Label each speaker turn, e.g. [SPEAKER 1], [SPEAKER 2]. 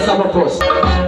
[SPEAKER 1] essa proposta.